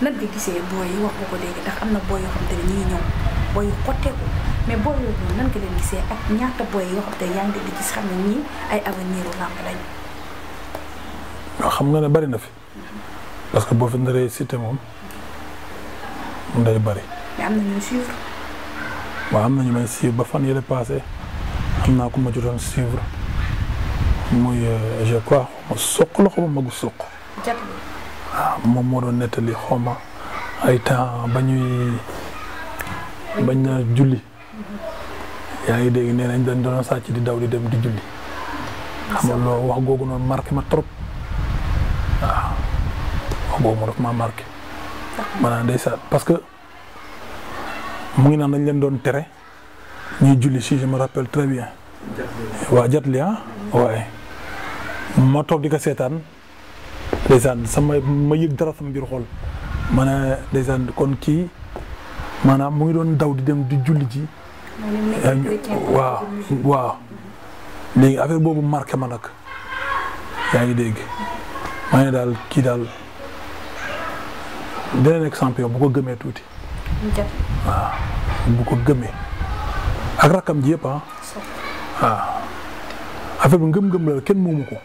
nan nga gisee booy yi wax nga ko léegi ndax am na booy yoo xam te ne ñu ngi ñëw booy yu mais booy yooyu noonu nan nga leen gisee ak ñaata booy yoo xam te yaa ngi di gis xam ne ñii ay avenir u làmb nga ne bari na fi. parce que boo fi naree cité day bari. mais am na ñuy suivre. waaw am na ñu may suivre ba fan yële passé am naa ko ma jotoon suivre muy euh, je crois ma soq loxo ma magu soq. moom moo doon nettali xawma ay temps ba ñuy bañ na julli yaa ngi dégg nee nañ dañ doon sàcc di daw di dem di julli xam nga loolu wax googu noonu marqué ma trop waaw wax googu ma daf ma marqué parce que mu ngi naan dañ leen doon tere ñuy julli si je me rappelle très waa jatli ah waaye ma toog di ko seetaan ndeysaan sama ma yëg dara sama biir xol ma ne ndeysaan kon kii maanaam mu ngi doon daw di dem di julli ji. waaw waaw. léegi affaire boobu marqué ma nag yaa ngi dégg maa ngi daal kii daal dina nekk champion bu ko gëmee tuuti. waaw bu ko gëmee ak rakkam ji yépp ah. waaw affaire bi ngëm-ngëm la kenn moomu ko.